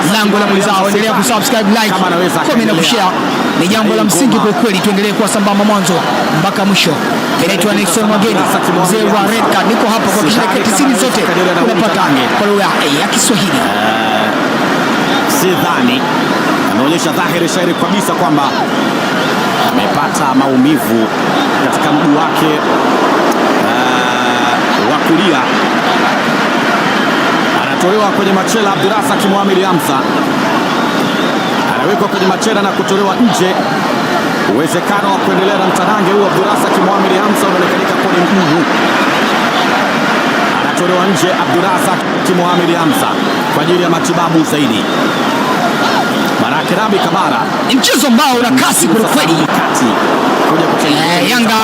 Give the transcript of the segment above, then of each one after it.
lango la mwenzao. Endelea kusubscribe, like, comment na kushare, ni jambo la msingi kwa kweli. Tuendelee kuwa sambamba mwanzo mpaka mwisho. Inaitwa Nixon Mwageni, mzee wa Red Card. Niko hapa kwa kishirika tisini zote unapata kwa lugha ya eh, Kiswahili. Sidhani ameonyesha dhahiri shairi kabisa kwamba amepata maumivu katika mguu wake eh, wa kulia kutolewa kwenye machela. Abdurasa kimwamili Hamza anawekwa kwenye machela na kutolewa nje. Uwezekano wa kuendelea na mtanange huo Abdurasa kimwamili Hamza unaonekanika kwenye mgumu, anatolewa nje Abdurasa kimwamili Hamza kwa ajili ya matibabu zaidi. Barakirabi Kamara, ni mchezo ambao una kasi kwelikweli. Eh, Yanga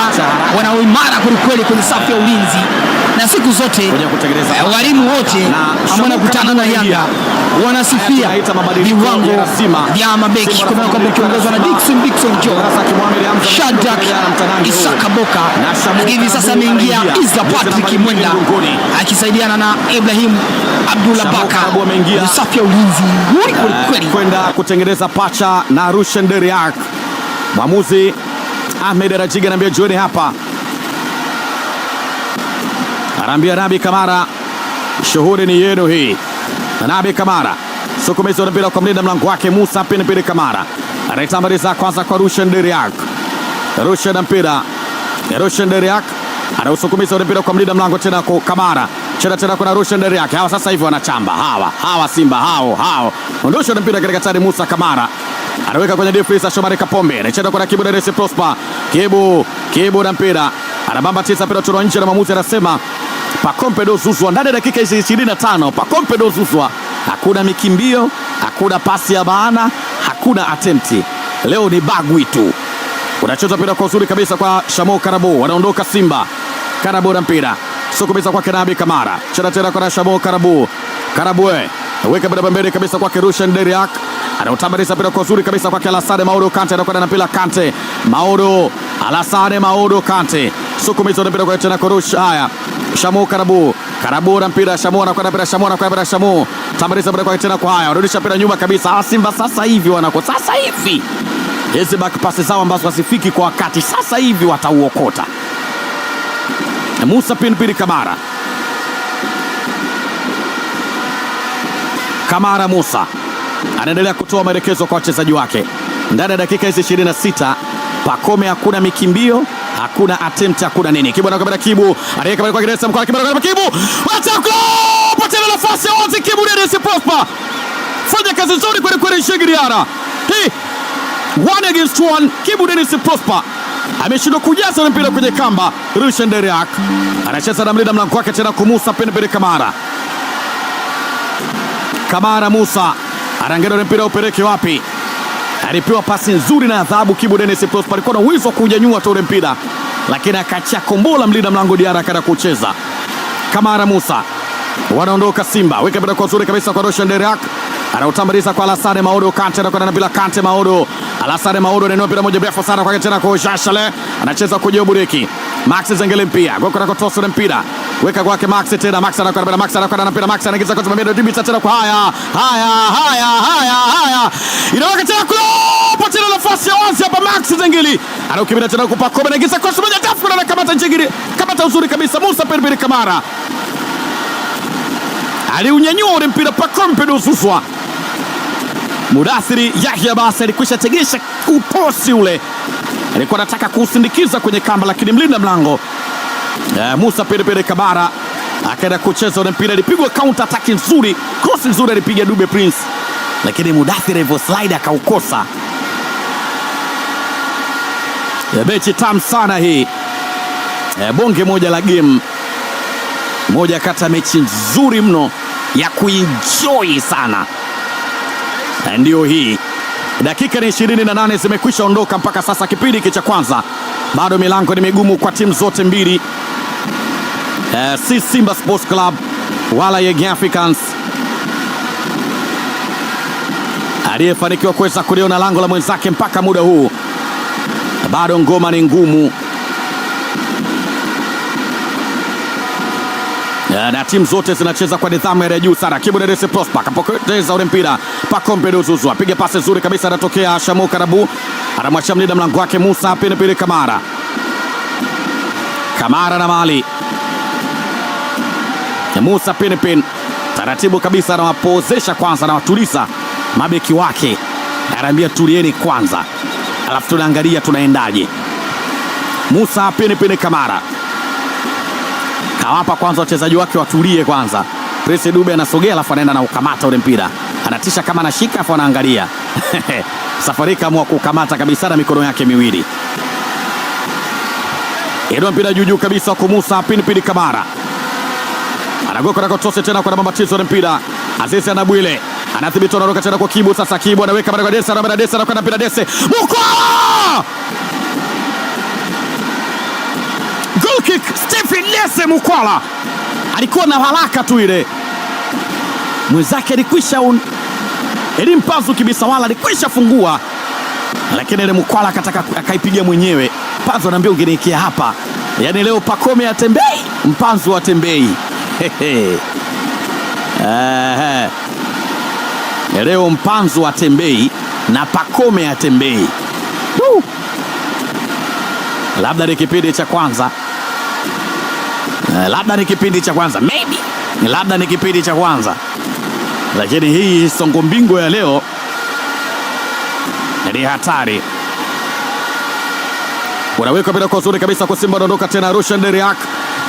wana uimara kwelikweli kwenye safu ya ulinzi na siku zote eh, walimu wote ambao wanakutana na Yanga wanasifia viwango vya mabeki, kwa maana kwamba ukiongozwa na Dickson Dickson Jo, Shadrack Isaka Boka, lakini hivi sasa ameingia Isa Patrick Mwenda akisaidiana na Ibrahim Abdullah Baka. Safi ya ulinzi eh, kwenda kutengeneza pacha na Rushen Deriak. Mwamuzi Ahmed Rajiga anaambia jioni hapa anaambia Nabi Kamara, shughuli ni yenu hii. Na Nabi Kamara sukumizwa na mpira kwa mlinda mlango wake Musa Pinipini Kamara anaitambaliza kwanza kwa Rushen Deriak, Rushen na mpira Rushen Deriak anausukumiza ule mpira kwa mlinda mlango tena kwa Kamara chena tena kuna Rushen Deriak. Hawa sasa hivi wanachamba hawa hawa Simba hao hao, ondosha na mpira katika tani. Musa Kamara anaweka kwenye defense ya Shomari Kapombe, anacheza kwa Kibu na Prosper Kibu Kibu na mpira anabamba tisa mpira tuna nje, na mwamuzi anasema Pacome Zouzoua ndani ya dakika ishirini na tano. Pacome Zouzoua, hakuna mikimbio, hakuna pasi ya maana, hakuna atempti. Leo ni bagwi tu. Unacheza mpira kwa uzuri kabisa kwa Shamo Karabo, wanaondoka Simba. Karabo na mpira sio kabisa kwa Kenabi Kamara, cheza tena kwa Shamo Karabo. Karabwe eh, weka mpira pembeni kabisa kwa Rushan Deriak, anautambaliza mpira kwa uzuri kabisa kwa Alasane Maodo Kante, anakwenda na mpira Kante, Maodo Alasane Maodo Kante Sukumizwa na mpira kwa tena Korush. Haya, Shamu Karabu, Karabu na mpira Shamu na kwenda mpira Shamu na kwenda mpira Shamu. Tambariza mpira kwa tena kwa haya. Warudisha mpira nyuma kabisa. Simba sasa hivi wanako sasa hivi. Hizi back passes zao ambazo wasifiki kwa wakati sasa hivi watauokota. Musa Pinpiri Kamara. Kamara Musa anaendelea kutoa maelekezo kwa wachezaji wake ndani ya dakika hizi 26. Pakome hakuna mikimbio hakuna attempt, hakuna nini. Kibu anakwenda Kibu, anaweka pale kwa Grace Mkwala, Kibu anakwenda Kibu, acha goal, patana nafasi wazi, Kibu Dennis Prosper, fanya kazi nzuri kweli kweli, Shigiriara hii one against one, Kibu Dennis Prosper ameshindwa kujaza mpira kwenye kamba. Rushan Deriak anacheza na mlinda mlango wake tena kumusa Penpere Kamara. Kamara Musa anaangalia mpira upeleke wapi? alipewa pasi nzuri na adhabu. Kibu Dennis Prosper alikuwa na uwezo wa kuunyanyua tu ule mpira, lakini akaachia kombola mlinda mlango Diara akaenda kucheza. Kamara Musa wanaondoka Simba, weka mpira kwa uzuri kabisa kwa Roshan Derak anautambaliza kwa Alassane Maodo Kante, anakwenda na bila Kante Maodo, Alassane Maodo anainua mpira moja mrefu sana kwake tena kwa Jashale, anacheza kuja Bureki Max Zengele mpia goko nakotosa na mpira weka kwake Max tena, Max anakwenda Max anakwenda na anapenda Max anaingiza kwa sababu Dimitar tena kwa haya haya haya haya haya, inaweka tena kwa tena nafasi ya wazi hapa, Max Zengeli anaukimbilia tena kupa kwa anaingiza kwa sababu tafu na kamata Zengili, kamata uzuri kabisa Musa Perbiri Kamara aliunyanyua ule mpira Pakombe ususwa Mudathiri Yahya basi alikwisha tegesha uposi ule, alikuwa anataka kuusindikiza kwenye kamba, lakini mlinda mlango E, Musa Pilipili Kabara akaenda kucheza ule mpira, alipigwa counter attack nzuri, cross nzuri alipiga Dube Prince, lakini Mudathir hivyo slide akaukosa. E, mechi tam sana hii e, bonge moja la game moja kati ya mechi nzuri mno ya kuenjoy sana na ndiyo hii dakika ni ishirini na nane zimekwisha ondoka mpaka sasa kipindi hiki cha kwanza, bado milango ni migumu kwa timu zote mbili eh, si Simba Sports Club wala Young Africans aliyefanikiwa kuweza kuliona lango la mwenzake mpaka muda huu. Bado ngoma ni ngumu eh, na timu zote zinacheza kwa nidhamu ya juu sana. Kibunedesi Prosper akapoteza ule mpira, Pacome Duzouzu apiga pasi nzuri kabisa, anatokea Shamo Karabu, anamwacha mlinda mlango wake Musa Pinipili Kamara, Kamara na Mali Musa Pinpin taratibu kabisa anawapozesha kwanza, anawatuliza mabeki wake, anaambia tulieni kwanza, alafu tunaangalia tunaendaje. Musa Pinpin Kamara kawapa kwanza wachezaji wake watulie kwanza. Prince Dube anasogea alafu anaenda na ukamata ule mpira, anatisha kama anashika alafu anaangalia safari kaamua kukamata kabisa na mikono yake miwili, ilo mpira juu juu kabisa kwa Musa Pinpin Kamara anagoka na kotosha tena kwa namba mchezo ya mpira. Azizi Anabwile anadhibiti, anaroka tena kwa Kibu. Sasa Kibu anaweka baraka Dese, anabara Dese, anakwenda mpira Desa Mkwala! Goal kick Stephen Dese Mkwala alikuwa na haraka tu ile, mwenzake alikwisha un... Elimpazu wala alikwisha fungua, lakini ile Mkwala akataka akaipiga mwenyewe. Panzu anaambia ungeniekea hapa, yaani leo Pakome atembei, Mpanzu atembei. Leo mpanzu atembei na pakome atembei. Labda ni kipindi cha kwanza, eh, labda ni kipindi cha kwanza, maybe labda ni kipindi cha kwanza, lakini hii songo mbingo ya leo ni hatari. Unaweka bila kwa uzuri kabisa kwa Simba, anaondoka tena Rushen Deriak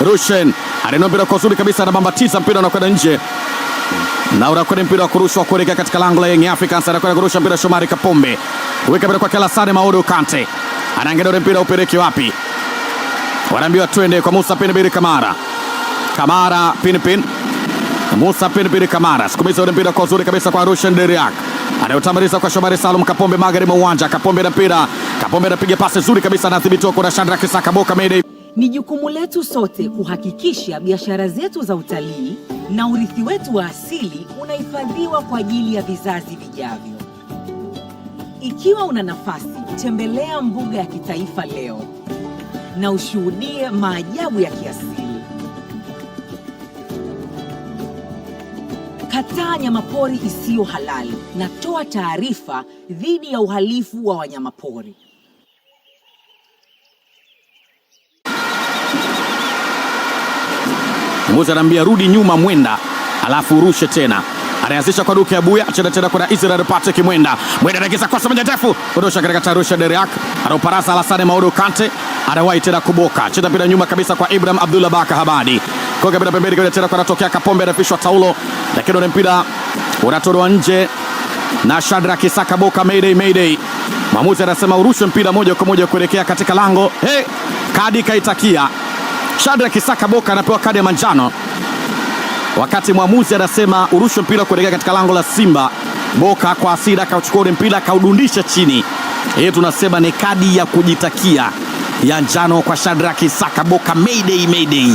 Rushen anainua mpira kwa uzuri kabisa, anabambatiza mpira unakwenda nje na unakwenda mpira wa kurushwa kuelekea katika lango la Young Africans. Anakwenda kurusha mpira Shomari Kapombe, weka mpira kwa Kelasane Maudu Kante, anaangalia ule mpira upeleke wapi? Wanaambiwa twende kwa Musa Pinpin Kamara, Kamara Pinpin, Musa Pinpin Kamara, sikumiza ule mpira kwa uzuri kabisa kwa Rushen Deriak anayotamaliza kwa Shomari Salum Kapombe, magharibi mwa uwanja. Kapombe na mpira, Kapombe anapiga pasi nzuri kabisa, anadhibitiwa kuna Shadrack Sakaboka Mayday ni jukumu letu sote kuhakikisha biashara zetu za utalii na urithi wetu wa asili unahifadhiwa kwa ajili ya vizazi vijavyo. Ikiwa una nafasi, tembelea mbuga ya kitaifa leo na ushuhudie maajabu ya kiasili. Kataa nyamapori isiyo halali na toa taarifa dhidi ya uhalifu wa wanyamapori. Mwamuzi anaambia rudi nyuma mwenda, alafu urushe tena. Anaanzisha kwa Duke Abuya, cheza tena kwa Israel Patrick Mwenda. Mwenda anaingiza kwa sema ndefu, ondosha katika tarusha Deriak, anauparaza Alassane Maodo Kante, anawahi tena kuboka, cheza bila nyuma kabisa kwa Ibrahim Abdullah Baka Habadi. Koga bila pembeni kwa tena kwa anatokea Kapombe, anapishwa taulo, lakini ule mpira unatolewa nje na Shadrack Isaka Boka. Mayday, mayday! Mwamuzi anasema urushwe mpira moja kwa moja kuelekea katika lango. Hey, kadi kaitakia Shadrack Isaka Boka anapewa kadi ya manjano, wakati mwamuzi anasema urushwe mpira kuelekea katika lango la Simba. Boka kwa hasira akachukua ule mpira akaudundisha chini. Hii tunasema ni kadi ya kujitakia ya njano kwa Shadrack Isaka Boka. Mayday, mayday.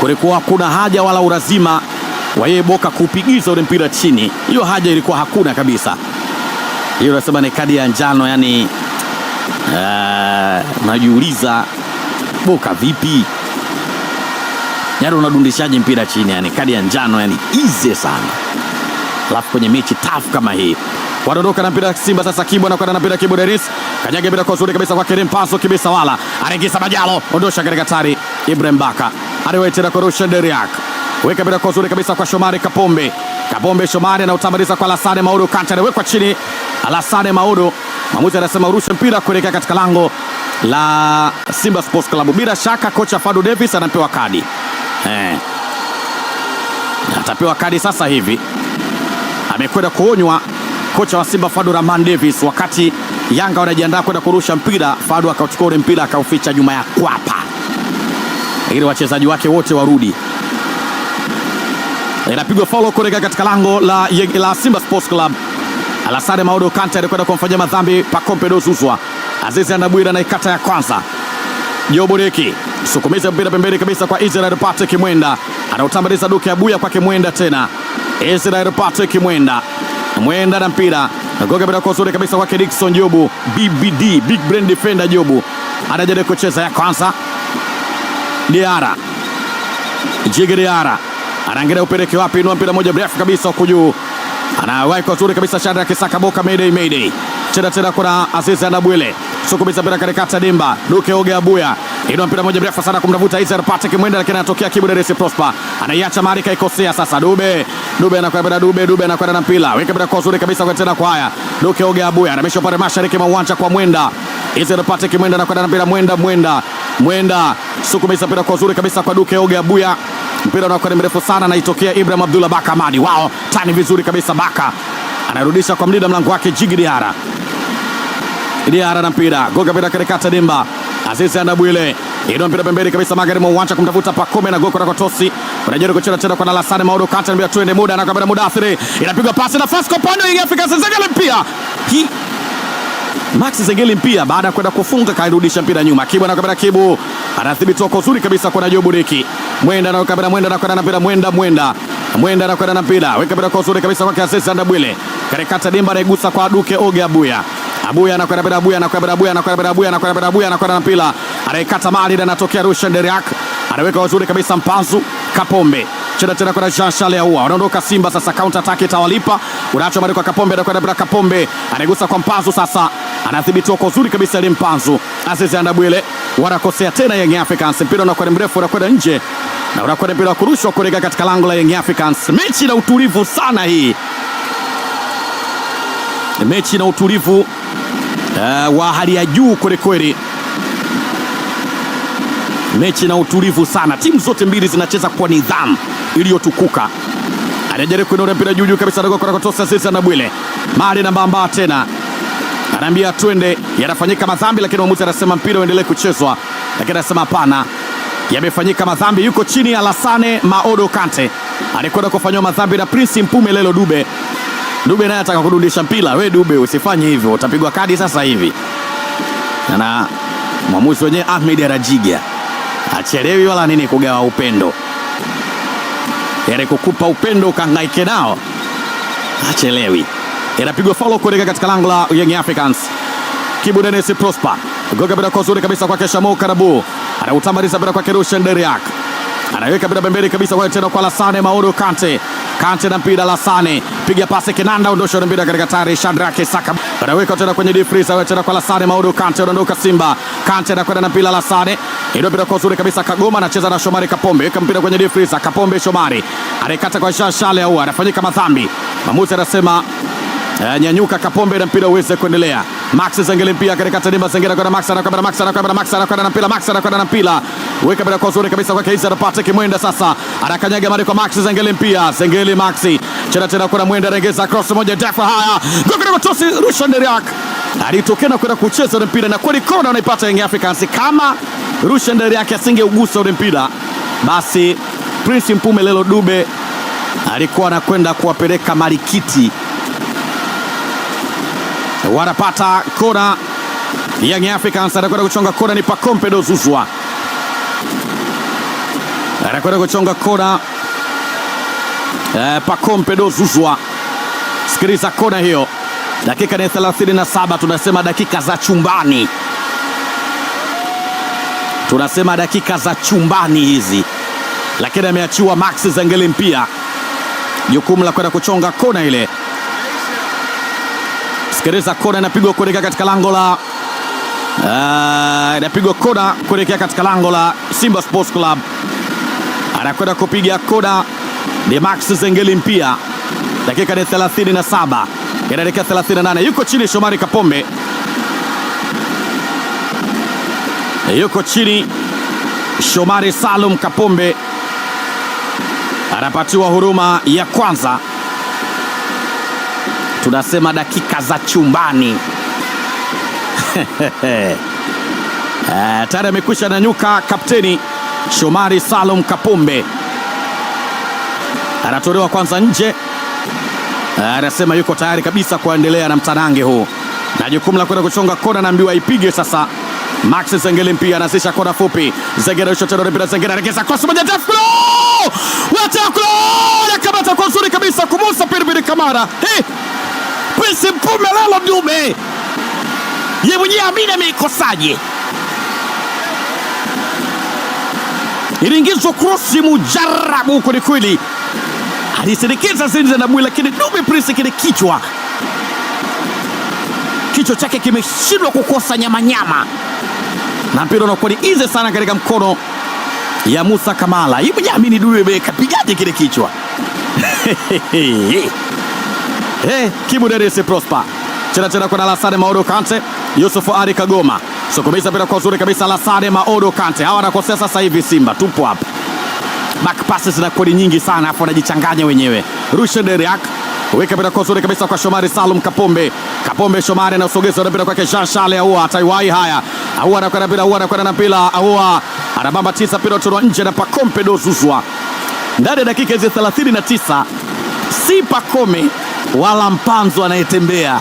Kulikuwa hakuna haja wala urazima wa yeye Boka kuupigiza ule mpira chini, hiyo haja ilikuwa hakuna kabisa. Hiyo nasema ni kadi ya njano yani Uh, najiuliza Boka vipi? Yaani unadundishaje mpira chini yani kadi ya njano yani ize sana. Alafu kwenye mechi tough kama hii. Wadondoka na mpira Simba sasa Kibo anakwenda na mpira Kibo deris kanyage mpira kwa uzuri kabisa kwa Kerim Paso kibisa wala. Anaingiza Majalo, ondosha katika tari Ibrahim Baka. Aliwahi tena kwa Rusha Deriak. Weka mpira kwa uzuri kabisa kwa Shomari Kapombe. Kapombe Shomari anautambaliza kwa lasane Maudu Kante anawekwa chini. lasane Maudu Mwamuzi anasema urushe mpira kuelekea katika lango la Simba Sports Club. Bila shaka kocha Fadu Davis anapewa kadi eh, atapewa kadi sasa hivi. Amekwenda kuonywa kocha wa Simba Fadu Rahman Davis wakati Yanga wanajiandaa kwenda kurusha mpira. Fadu akachukua ule mpira akauficha nyuma ya kwapa, ili wachezaji wake wote warudi. Inapigwa eh, faulo kuelekea katika lango la, la Simba Sports Club. Alassane Maodo Kante alikwenda kumfanyia madhambi Pacome Zouzoua. Azizi Ndabwira anaikata ya kwanza. Joboreki sukumiza mpira pembeni kabisa kwa Israel Patrick Mwenda, anautambaliza duke ya buya kwa Kimwenda tena. Israel Patrick Mwenda, Mwenda na mpira goga bila kwa uzuri kabisa kwake Dickson Jobu, BBD big brand defender Jobu anajaribu kucheza ya kwanza. Diara Jigi Diara anaangalia upeleke wapi, inua mpira moja mrefu kabisa huko juu anawai kwa zuri kabisa Kisaka Boka mayday mayday, chenda chenda kuna Azizi Andabwile sukumiza mpira katikati ya dimba, Duke Oge Abuya inua mpira moja mrefu sana kumtafuta Izar Patrick Mwenda, lakini anatokea Kibu Deresi Prosper, anaiacha mahali kaikosea. Sasa Dube Dube anakwenda Dube Dube anakwenda na mpira, weka mpira kwa zuri kabisa kwa tena kwa haya, Duke Oge Abuya anamesha pale mashariki mwa uwanja kwa Mwenda, Izar Patrick Mwenda anakwenda na mpira, Mwenda Mwenda Mwenda sukumiza mpira kwa zuri kabisa kwa Duke Oge Abuya mpira ni mrefu sana, naitokea Ibrahim Abdullah Baka Amadi, wao tani vizuri kabisa. Baka anarudisha kwa mlinda mlango wake Jigi Diara. Diara na mpira goga, mpira katikati dimba, Azizi Andabwile ino mpira pembeni kabisa, magari mwa uwanja kumtafuta Pakome na goko la Kotosi, unajaribu kucheza tena kwa Nalasane Maodo kata, anambia tuende muda na kwa muda athiri, inapigwa pasi na Fasco pande ingefika sasa ile mpira. hii Max Zengeli mpia baada ya kwenda kufunga kairudisha mpira nyuma. Kibu na kamera Kibu anadhibiti kwa uzuri kabisa kwa Najobu Deki. Mwenda na kamera Mwenda na kwenda mpira Mwenda Mwenda. Mwenda na kwenda mpira. Weka mpira kwa uzuri kabisa kwa Asesi Andabwile. Karekata dimba regusa kwa Aduke Oge Abuya. Abuya anakwenda bila Abuya anakwenda bila Abuya anakwenda bila Abuya anakwenda bila Abuya anakwenda na mpira. Anaikata mali na anatokea Rusha Deriak. Anaweka uzuri kabisa Mpanzu Kapombe. Cheza tena kwa Jasha leo huwa. Wanaondoka Simba sasa counter attack itawalipa. Unaachwa bado kwa Kapombe anakwenda bila Kapombe. Anaigusa kwa Mpanzu sasa anadhibitiwa kwa uzuri kabisa ile Mpanzu. Azizi Andabwile wanakosea tena Young Africans, mpira unakwenda mrefu, unakwenda nje na unakwenda mpira wa kurushwa kuelekea katika lango la Young Africans. Mechi na utulivu sana hii, mechi na utulivu uh, wa hali ya juu kwelikweli mechi na utulivu sana. Timu zote mbili zinacheza kwa nidhamu iliyotukuka. Anajaribu kuinua mpira juu juu kabisa, anakwenda kutoa Azizi Ndabwile mali na mbamba tena anaambia twende, yanafanyika madhambi, lakini mwamuzi anasema mpira uendelee kuchezwa, lakini anasema hapana, yamefanyika madhambi. Yuko chini ya Lasane Maodo Kante alikwenda kufanyiwa madhambi na Prince Mpume Lelo Dube. Dube naye anataka kudundisha mpira. We Dube, usifanye hivyo, utapigwa kadi sasa hivi. Na mwamuzi wenyewe Ahmed Arajiga achelewi wala nini kugawa upendo, yale kukupa upendo ukangaike nao, achelewi inapigwa follow kuelekea katika lango la Young Africans. Kibu Dennis Prosper goga bila kwa uzuri kabisa kwake Shamo Karabu, anautamaliza bila kwake Rushen Deriak, anaweka bila pembeni kabisa kwa tena kwa Lasane Maudu Kante. Kante na mpira Lasane, piga pasi Kinanda, ondosha na mpira katika tari Shadrack Saka, anaweka tena kwenye deep freeze tena kwa Lasane Maudu Kante, anaondoka Simba. Kante na kwenda na mpira Lasane, ndio mpira kwa uzuri kabisa Kagoma, anacheza na Shomari Kapombe, weka mpira kwenye deep freeze. Kapombe Shomari anaikata kwa Shashale au anafanyika madhambi, mwamuzi anasema Eh, nyanyuka Kapombe na mpira uweze kuendelea. Max Zengeli pia katika tadimba Zengeli kwa Max na kwa Max na kwa Max na kwa mpira Max na kwa na mpira. Weka mpira kwa zuri kabisa kwa Kaiser anapata kimwenda sasa. Anakanyaga mali kwa Max Zengeli pia. Zengeli Max. Chana tena kwa mwenda regeza cross moja defa haya. Gogora mtosi rusha Ndiriak. Alitokea na kwenda kucheza ule mpira na kweli kona anaipata Young Africans kama Rushan Deriak asingeugusa ule mpira basi Prince Mpume Lelo Dube alikuwa anakwenda kuwapeleka Marikiti wanapata kona. Young Africans anakwenda kuchonga kona, ni Pacome Dozuzwa anakwenda kuchonga kona eh, Pacome Dozuzwa. Sikiliza kona hiyo, dakika ni 37, tunasema dakika za chumbani, tunasema dakika za chumbani hizi, lakini ameachiwa Max Zangelim mpia jukumu la kwenda kuchonga kona ile. Sikereza kona inapigwa kuelekea katika lango la uh, inapigwa kona kuelekea katika lango la Simba Sports Club. Anakwenda kupiga kona ni Max Zengeli mpia, dakika ni 37 inaelekea 38. Yuko chini Shomari Kapombe, yuko chini Shomari Salum Kapombe anapatiwa huruma ya kwanza tunasema dakika za chumbani. Uh, tayari amekwisha nanyuka kapteni Shomari Salum Kapombe anatolewa kwanza nje, eh, anasema yuko tayari kabisa kuendelea na mtanange huu na jukumu la kwenda kuchonga kona, naambiwa ipige sasa. Max Zengeli mpia anasisha kona fupi, Zengeli ushoteroepira Zengeli anageza kosi moja taflo wataklo, anakamata kwa uzuri kabisa kumusa Pilipili Kamara hey! Hamisi Mpume lalo Mdume, yeye mwenyewe amini ameikosaje? Iliingizwa krosi mujarabu kwelikweli, alisindikiza zinzi na mwili, lakini Dume Prince kile kichwa kichwa chake kimeshindwa kukosa nyamanyama, na mpira unakuwa ni ize sana katika mkono ya Musa Kamala. Yeye mwenyewe amini Dume kapigaje kile kichwa Eh, Hey, Kibuderesi Prosper chena chena kwa Alassane Maodo Kante, Yusuf Ali Kagoma sokomeza bila kwa uzuri kabisa. Alassane Maodo Kante hawa anakosea sasa hivi, Simba tupo hapa, back passes na kodi nyingi sana hapo, anajichanganya wenyewe. Rushe Deriak weka bila kwa uzuri kabisa kwa Shomari Salum Kapombe, Kapombe Shomari na usogezo na bila kwa Jean Charles Ahoua Taiwai haya, Ahoua anakwenda bila, Ahoua anakwenda na bila, Ahoua anabamba tisa pira tono nje na Pacome Dozuzwa ndani ya dakika hizi 39 si Pacome wala mpanzo anayetembea,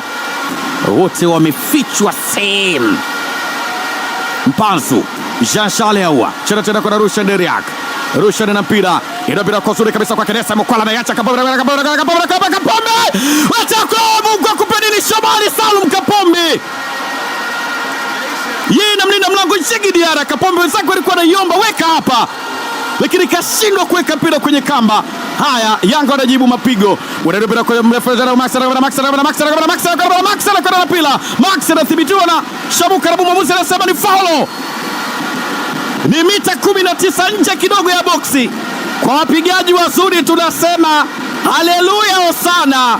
wote wamefichwa sehemu. Mpanzu Jean Charles Ahoua cheza tena kwa Rushan Deriak. Rushan na mpira mpira kwa uzuri kabisa kwa Kenesa Mkwala, ameacha Kapombe, Mungu akupeni Shomari Salum Kapombe yeye namlinda mlango Chigi Diara. Kapombe wenzako alikuwa anaiomba, weka hapa lakini kashindwa kuweka mpira kwenye kamba. Haya, Yanga wanajibu mapigo, wanaenda kwa mrefu Max anakwenda na pila, Max anathibitiwa na Shamu Karabu, mwamuzi anasema ni faulo. Ni mita 19 nje kidogo ya boksi. Kwa wapigaji wazuri tunasema haleluya, hosana.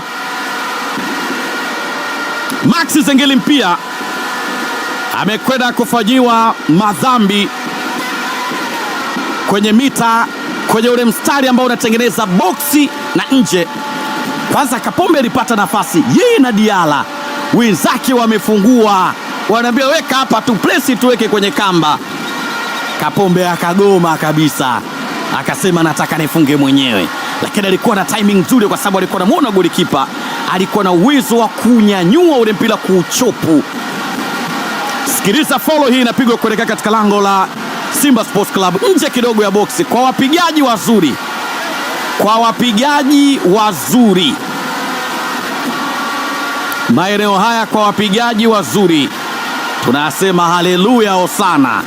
Max Zengeli mpia amekwenda kufanyiwa madhambi kwenye mita, kwenye ule mstari ambao unatengeneza boksi na nje. Kwanza Kapombe alipata nafasi yeye na Diala, wenzake wamefungua, wanaambia weka hapa tu presi, tuweke kwenye kamba. Kapombe akagoma kabisa, akasema nataka nifunge mwenyewe, lakini alikuwa na timing nzuri, kwa sababu alikuwa anamwona golikipa, alikuwa na uwezo wa kunyanyua ule mpira kuuchopu. Sikiliza, folo hii inapigwa kuelekea katika lango la Simba Sports Club nje kidogo ya boksi kwa wapigaji wazuri, kwa wapigaji wazuri maeneo haya, kwa wapigaji wazuri tunasema haleluya, hosana.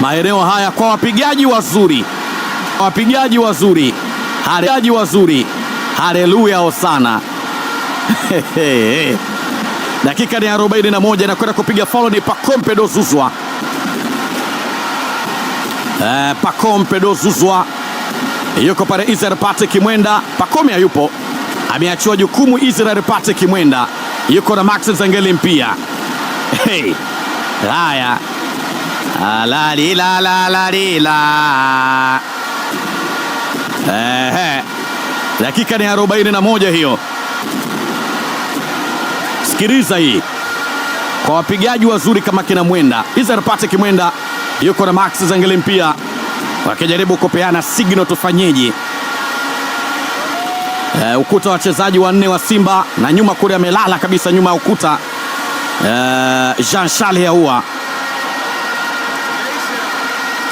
Maeneo haya kwa wapigaji wazuri, wapigaji wazuri, wapigaji wazuri, haleluya, hosana. dakika ni 41 na kwenda kupiga faulo ni Pacome Dozuzwa. Eh, Pacome Dozuzwa yuko pale Israel Patrick Mwenda. Pacome hayupo, ameachiwa jukumu Israel Patrick Mwenda, yuko na Max Zangeli mpia. Hey, haya Alalilalalila. Ah, Ehe, dakika ni arobaini na moja hiyo. Sikiliza hii kwa wapigaji wazuri kama kina Mwenda, Izar Patrick Mwenda yuko na Max Zangeli pia wakijaribu kupeana signal tufanyeje. E, ukuta wachezaji wanne wa Simba na nyuma kule amelala kabisa nyuma ya ukuta e, Jean Charles Ahoua.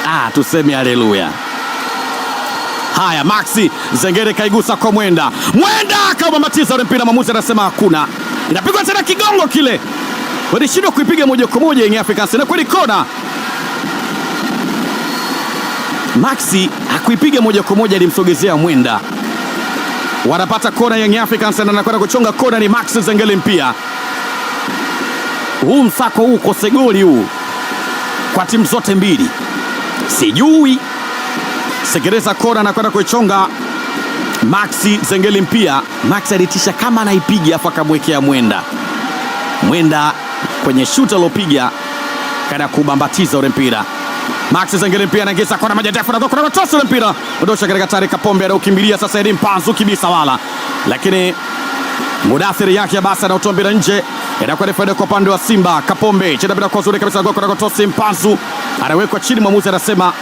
Ah, tuseme haleluya. Haya, Maxi Zengere kaigusa kwa Mwenda, Mwenda akaubambatiza ule mpira, mwamuzi anasema hakuna inapigwa tena kigongo kile, walishindwa kuipiga moja kwa moja yenye Africans na kweli kona Maxi hakuipiga moja kwa moja, alimsogezea mwenda. Wanapata kona Young Africans na anakwenda kuchonga kona, ni Maxi Zengeli mpia. Huu msako huu kose goli huu kwa timu zote mbili, sijui segereza kona, anakwenda kuichonga Maxi Zengeli mpia. Maxi alitisha kama anaipiga afu akamwekea Mwenda. Mwenda kwenye shuti aliopiga kana kubambatiza ule mpira. Maxi Zengeli mpia anaingiza kona moja ndefu na doko na matosi ule mpira. Ondosha katika Tarika Pombe anaukimbilia sasa Edim Panzu kibisa wala. Lakini Mudathiri yake basi anautoa mpira nje. Inakuwa ni faida kwa upande wa Simba. Kapombe cheza bila kwa zuri kabisa goko na matosi Mpanzu anawekwa chini, mwamuzi anasema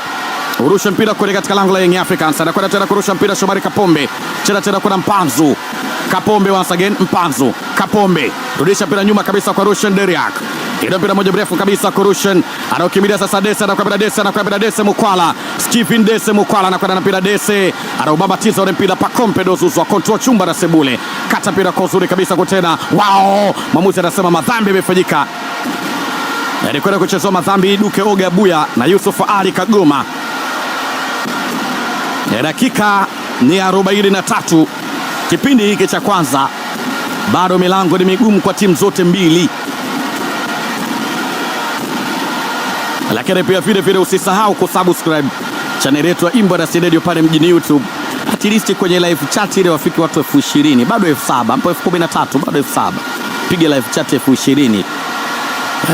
Urusha mpira kwenda katika lango la Young Africans. Anakwenda tena kurusha mpira Shomari Kapombe. Cheza tena kuna Mpanzu. Kapombe once again Mpanzu. Kapombe. Rudisha mpira nyuma kabisa kwa Rushen Deriak. Ile mpira moja mrefu kabisa kwa Rushen. Anaokimbilia sasa Dese anakwenda Dese anakwenda Dese Mukwala. Stephen Dese Mukwala anakwenda na mpira Dese. Anaubabatiza ule mpira Pakombe Dozuzwa. Kontrol chumba na Sebule. Kata mpira kwa uzuri kabisa kwa tena. Wow! Mwamuzi anasema madhambi yamefanyika. Alikwenda kuchezwa madhambi Duke Oga Buya na Yusuf Ali Kagoma ya e, dakika ni 43 kipindi hiki cha kwanza. Bado milango ni migumu kwa timu zote mbili, lakini pia vile vile usisahau kusubscribe chaneli yetu ya Embassy Radio pale mjini YouTube, at least kwenye live chat ile wafike watu elfu ishirini bado elfu saba mpo elfu kumi na tatu bado elfu saba Piga live chat elfu ishirini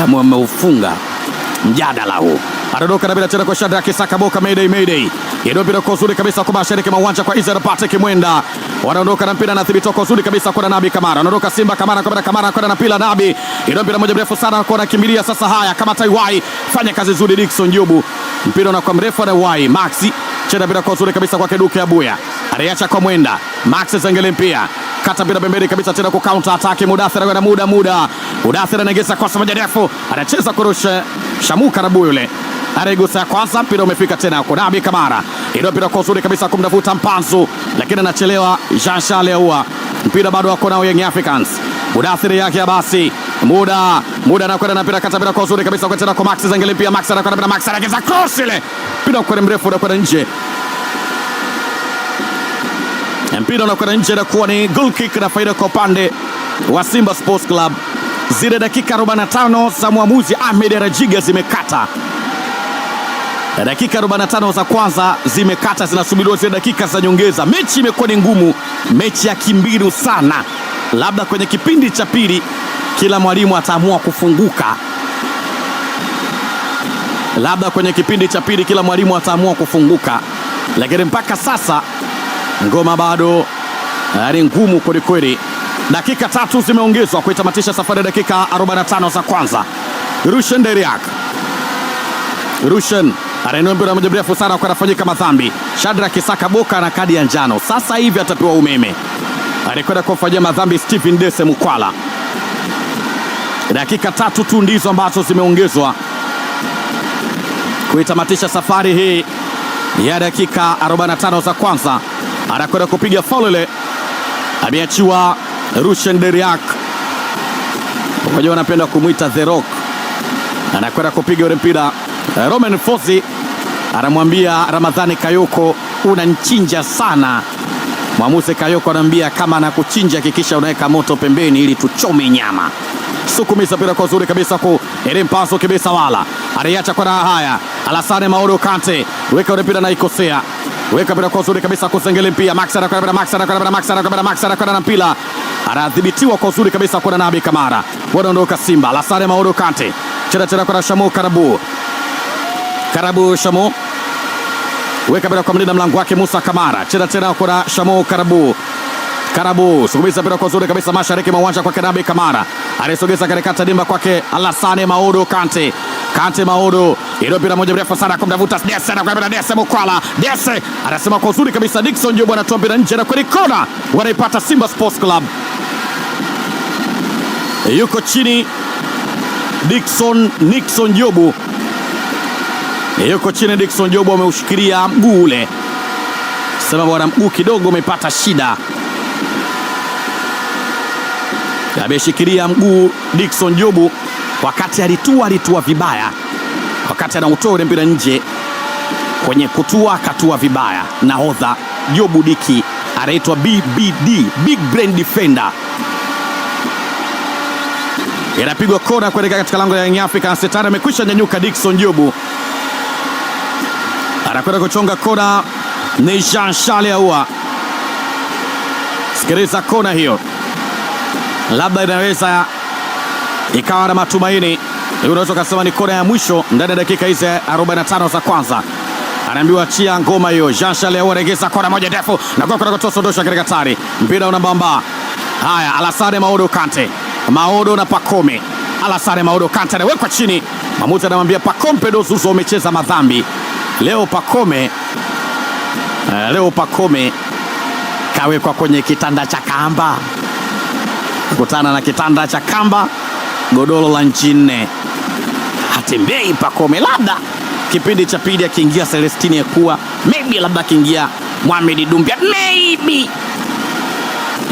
Ameufunga mjadala huu atadoka na bila tena kwa Shadrack Sakaboka. Mayday, mayday, Yedo mpira kwa uzuri kabisa kwa mashariki mwa uwanja kwa Israel Patrick Mwenda, wanaondoka na mpira na thibiti kwa uzuri kabisa kwa Nabi Kamara, anaondoka Simba Kamara kwa Kamara kwa na Nabi, Yedo mpira moja mrefu sana kwa anakimbilia sasa. Haya, kama Taiwai fanya kazi nzuri, Dickson Jobu, mpira unakuwa mrefu na Wai Maxi cheza bila kwa uzuri kabisa kwa Keduke Abuya, aliacha kwa Mwenda Maxi Zengele mpia kata mpira pembeni kabisa tena ku counter attack Mudathir na muda muda Mudathira anagesa kwa sababu ndefu anacheza kurusha shamuka na buyule anaigusa ya kwanza, mpira umefika tena Nabi Kamara, ile mpira kwa uzuri kabisa kumtafuta Mpanzu, lakini anachelewa Jean Charles Ahoua, mpira bado wako nao Young Africans, mudathiri yake ya basi muda muda anakwenda na mpira kata mpira kwa uzuri kabisa kwa tena kwa Max Zengeli, pia Max anakwenda mpira, Max anageza cross ile mpira kwa mrefu unakwenda nje, mpira unakwenda nje, na kuwa ni goal kick na faida kwa upande wa Simba Sports Club. Zile dakika 45 za mwamuzi Ahmed Rajiga zimekata. Dakika 45 za kwanza zimekata, zinasubiriwa zile dakika za nyongeza. Mechi imekuwa ni ngumu, mechi ya kimbinu sana. Labda kwenye kipindi cha pili kila mwalimu ataamua kufunguka, labda kwenye kipindi cha pili kila mwalimu ataamua kufunguka, lakini mpaka sasa ngoma bado eh, ni ngumu kwelikweli. Dakika tatu zimeongezwa kuitamatisha safari ya dakika 45 za kwanza. Rushen Deriak Rushen na muda mrefu sana kwa anafanyika madhambi. Shadrack Kisaka Boka na kadi ya njano sasa hivi atapewa umeme. Alikwenda kumfanyia madhambi Stephen Dese Mukwala. Dakika tatu tu ndizo ambazo zimeongezwa kuitamatisha safari hii ya dakika 45 za kwanza. Anakwenda kupiga faulu ile, ameachiwa Rushen Deriak, wanapenda kumwita The Rock, anakwenda kupiga ule mpira Eh, Roman Fosi anamwambia Ramadhani Kayoko unanchinja sana. Mwamuzi Kayoko anamwambia kama anakuchinja hakikisha unaweka moto pembeni ili tuchome nyama. Sukumisa pira kwa uzuri kabisa ku ile mpaso kabisa wala. Aliacha kwa raha haya. Alasane Mauro Kante weka ile pira na ikosea. Weka pira kwa uzuri kabisa kusengele mpia Max anakwenda pira Max anakwenda pira Max anakwenda pira Max anakwenda na mpira. Anadhibitiwa kwa uzuri kabisa kwa Nabi Kamara. Wanaondoka Simba. Alasane Mauro Kante. Chera chera kwa Shamu Karabu. Karabu Shamu weka bila kwa mlinda mlango wake Musa Kamara, cheza tena kwa Shamu Karabu Karabu sukumiza mpira kwa uzuri kabisa mashariki mwa uwanja kwa Kanabi Kamara anayesogeza katikati dimba kwake Alassane Maudu Kante Kante Maudu ile mpira moja mrefu sana kumtafuta Dese na kwenda Dese Mukwala Dese anasema kwa uzuri kabisa Dickson Job anatoa mpira nje na kwenye kona wanaipata Simba Sports Club yuko chini Dickson Nixon Jobu yuko chini. Dickson Jobo ameushikilia mguu ule, sema bwana, mguu kidogo umepata shida, ameshikilia mguu Dickson Jobo. Wakati alitua alitua vibaya, wakati anautoa ule mpira nje kwenye kutua akatua vibaya. Nahodha Jobu Diki anaitwa BBD, big brain defender. Inapigwa kona kuelekea katika lango la Young Africans. Setari amekwisha nyanyuka. Dickson Jobu anakwenda kuchonga kona. Ni Jean Charles Ahoua. Sikiliza kona hiyo, labda inaweza ikawa na matumaini. Hiyo unaweza ukasema ni kona ya mwisho ndani ya dakika hizi 45 za kwanza. Anaambiwa achia ngoma hiyo. Jean Charles Ahoua anaingiza kona moja ndefu na kwa kutoa sondosha katika tari, mpira unambamba. Haya, Alassane Maodo Kante, Maodo na Pakome Alassane Maodo Kante anawekwa chini, Mamuti anamwambia Pakompe, Pedro Zuzo umecheza madhambi. Leo pakome eh, leo pakome kawekwa kwenye kitanda cha kamba, kutana na kitanda cha kamba, godoro la nchi nne. Hatembei pakome labda kipindi cha pili akiingia Celestine Ekua, maybe labda akiingia Mohamed Dumbia maybe.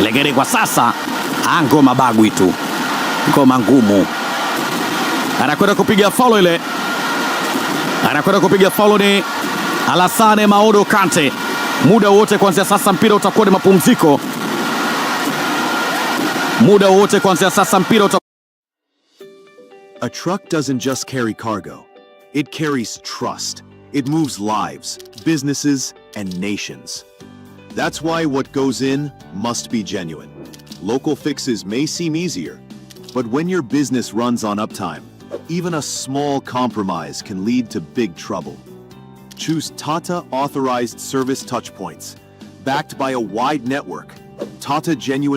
Legere kwa sasa ngoma bagwi tu, ngoma ngumu, anakwenda kupiga faulo ile. anakwenda kupiga ni Alassane Maodo Kante. Muda kuanzia sasa mpira utakuwa ni mapumziko. Muda kuanzia sasa mpira utakuwa A truck doesn't just carry cargo. It carries trust. It moves lives, businesses, and nations. That's why what goes in must be genuine. Local fixes may seem easier, but when your business runs on uptime, even a small compromise can lead to big trouble. Choose Tata Authorized Service Touchpoints. Backed by a wide network, Tata Genuine